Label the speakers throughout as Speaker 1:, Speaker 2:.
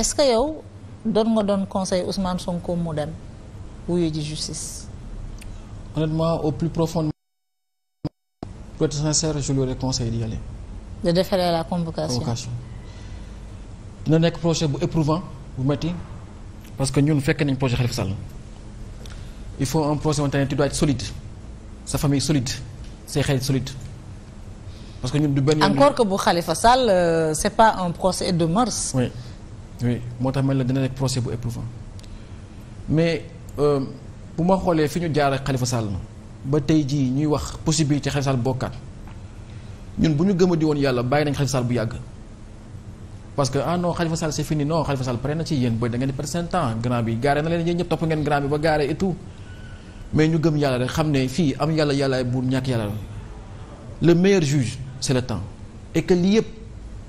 Speaker 1: est-ce que yow doon nga doon conseil Ousmane Sonko mu dem
Speaker 2: wuyu ji justice. honnêtement au plus profond. pour sincère je lui aurais conseillé d'y
Speaker 1: de déférer la convocation convocation.
Speaker 2: dina nekk projet bu éprouvant bu metti parce que ñun fekkee nañ projet Khalifa Sall. il faut un projet wante ne tu dois être solide sa famille solide say xarit solide. parce que ñun du benn. encore
Speaker 1: que bu Khalifa Sall euh, c'est pas un procès de mœurs.
Speaker 2: oui moo tax man la dina nekk procès bu éprouvant mais euh, bu ma xoolee fi ñu jaar ak Khalifa Sall ba tey jii ñuy wax possibilité Khalifa Sall bokkaat ñun bu ñu gëm a di woon yàlla bàyyi nañ Khalifa Sall bu yàgg. parce que ah non Khalifa Sall c'est fini non Khalifa Sall pare na ci yéen booy da ngeen di perdre seen temps grand bi gaare na leen yéen ñëpp topp ngeen grand bi ba gaare et mais ñu gëm yàlla rek xam ne fii am yàlla yàllaay buur ñàkk yàlla le meilleur juge le temps et que yëpp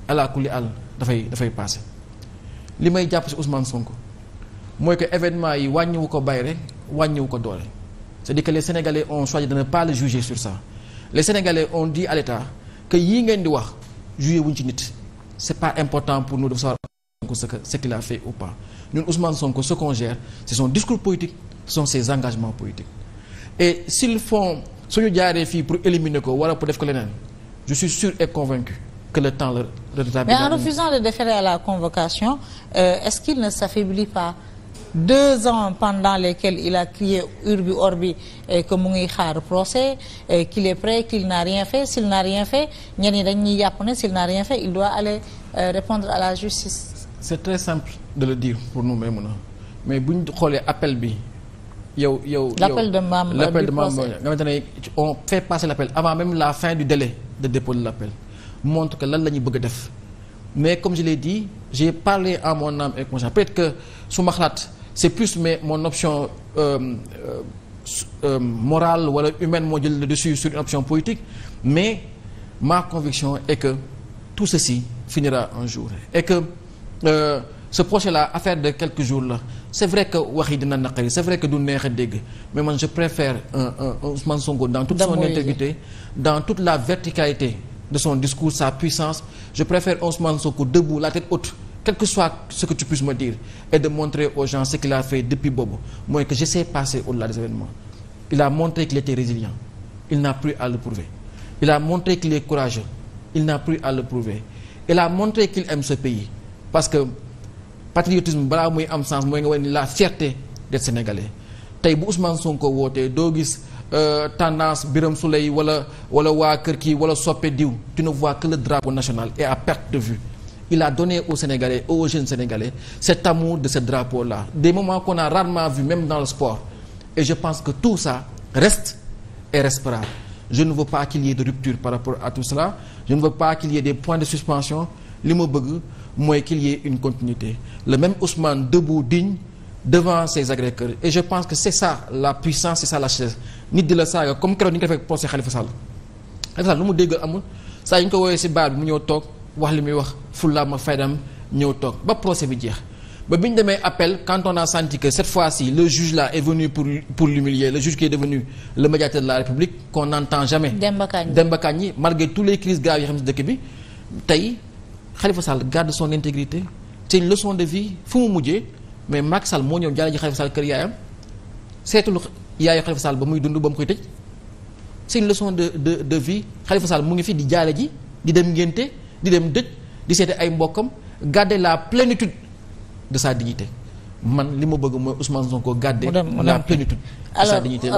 Speaker 2: alaakulli àll dafay dafay passé. li may jàpp si Ousmane Sonko mooy que événement yi wàññiwu ko bayre wàññiwu ko doole c'est-à-dire que les Sénégalais ont choisi de ne pas le juger sur ça les Sénégalais ont dit à l'État que yii ngeen di wax jugé wuñ ci nit c'est pas important pour nous de savoir ce que a fait ou pas ñun Ousmane Sonko ce qu'on gère c'est son discours politique ce sont ses engagements politiques et s'ils font suñu jaaree fii pour éliminer ko wala pour def ko leneen je suis sûr et convaincu que le temps le rétablit. Mais en refusant
Speaker 1: de déférer la convocation, euh, est-ce qu'il ne s'affaiblit pas deux ans pendant lesquels il a crié Urbi Orbi et euh, mu ngi xaar procès et euh, qu'il est prêt qu'il n'a rien fait s'il n'a rien fait ñenn ñi dañ ñuy jàpp ne s'il n'a rien fait il doit aller euh, répondre à la justice. c'est
Speaker 2: très simple de le dire pour nous Maïmouna mais bu ñu xoolee appel bi yow yow. l'appel de Mame Mbaye l'appel de Mame Mbaye nga xamante ne on fait passer l'appel montre que lan la ñu bëgg a def mais comme je l'ai dit j'ai parlé à mon âme et conscience peut-être que su ma xalaat c'est plus mais mon option euh, euh, euh morale wala humaine moo jël le dessus sur une option politique mais ma conviction et que tout ceci finira un jour et que euh, ce projet-là affaire de quelques jours la c'est vrai que wax yi dina naqari c'est vrai que du neex a dégg mais man je préfère un un Ousmane Sonko dans toute son intégrité dans toute la verticalité de son discours sa puissance je préfère Ousmane Sonko debout la tête haute quel que soit ce que tu puisses me dire et de montrer aux gens ce qu'il a fait depuis boobu mooy que je sais passer au-delà des événements il a montré qu'il était résilient il n'a plus à le prouver il a montré qu'il est courageux il n'a plus à le prouver il a montré qu'il aime ce pays parce que patriotisme balaa muy am sens mooy nga wane la fierté d'être sénégalais tey bu Ousmane Sonko wootee doo gis euh, tendance biram Souleye wala wala waa kër kii wala soppee diw tu ne vois que le drapeau national et à perte de vue il a donné aux Sénégalais aux jeunes Sénégalais cet amour de ce drapeau la des moments qu'on a rarement vu même dans le sport et je pense que tout ça reste et restera je ne veux pas qu'il de rupture par rapport à tout cela je ne veux pas qu'il y ait des points de suspension li ma bëgg mooy qu'il y ait une continuité le même devant ses agrécateurs et je pense que c'est ça la puissance c'est ça la nit di la saaga comme keroog ni ñu ko defee procès Khalifa Sall lu mu déggal amul saa yi ñu ko woowee ci baar bi mu ñëw toog wax li muy wax fullaam ak faydam ñëw toog ba procès bi jeex ba bi ñu demee appel quand on cette fois-ci le juge là est venu pour pour l'humilier le juge qui est devenu le médiateur de la République qu'on n'entend jamais Demba Kandji Demba Kandji malgré tous les crises graves yi xam ci dëkk bi son intégrité c'est mu mujjee mais Macky Sall moo ñëw jaale ji Khalifa Sall kër yaayam seetul yaayu Khalifa Sall ba muy dund ba mu koy tëj c'est une leçon de de de vie Khalifa Sall mu ngi fi di jaale ji di dem ngénte di dem dëj di seete ay mbokkam garder la plénitude de sa dignité man li ma bëgg mooy Ousmane Sonko garder la plénitude de sa dignité